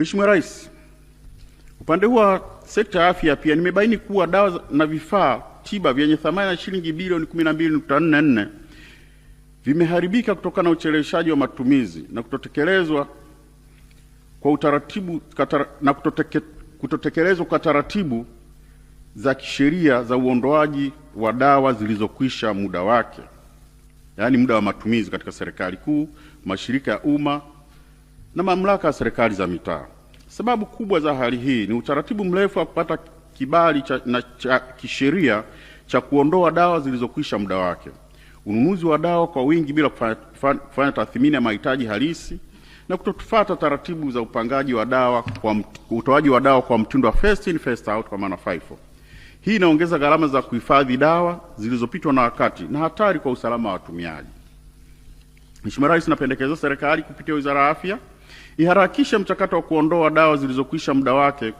Mheshimiwa Rais, upande huu wa sekta ya afya pia nimebaini kuwa dawa na vifaa tiba vyenye thamani ya shilingi bilioni 12.44 vimeharibika kutokana na ucheleweshaji wa matumizi na kutotekelezwa kwa utaratibu katara, na kutoteke, kutotekelezwa kwa taratibu za kisheria za uondoaji wa dawa zilizokwisha muda wake, yaani muda wa matumizi katika serikali kuu, mashirika ya umma na mamlaka ya serikali za mitaa. Sababu kubwa za hali hii ni utaratibu mrefu wa kupata kibali cha, na cha kisheria cha kuondoa dawa zilizokwisha muda wake, ununuzi wa dawa kwa wingi bila kufanya tathmini ya mahitaji halisi na kutofuata taratibu za upangaji wa dawa kwa utoaji wa dawa kwa mtindo wa first in first out, kwa maana FIFO. Hii inaongeza gharama za kuhifadhi dawa zilizopitwa na wakati na hatari kwa usalama wa watumiaji. Mheshimiwa Rais, napendekeza serikali kupitia Wizara ya Afya iharakishe mchakato wa kuondoa dawa zilizokwisha muda wake kwa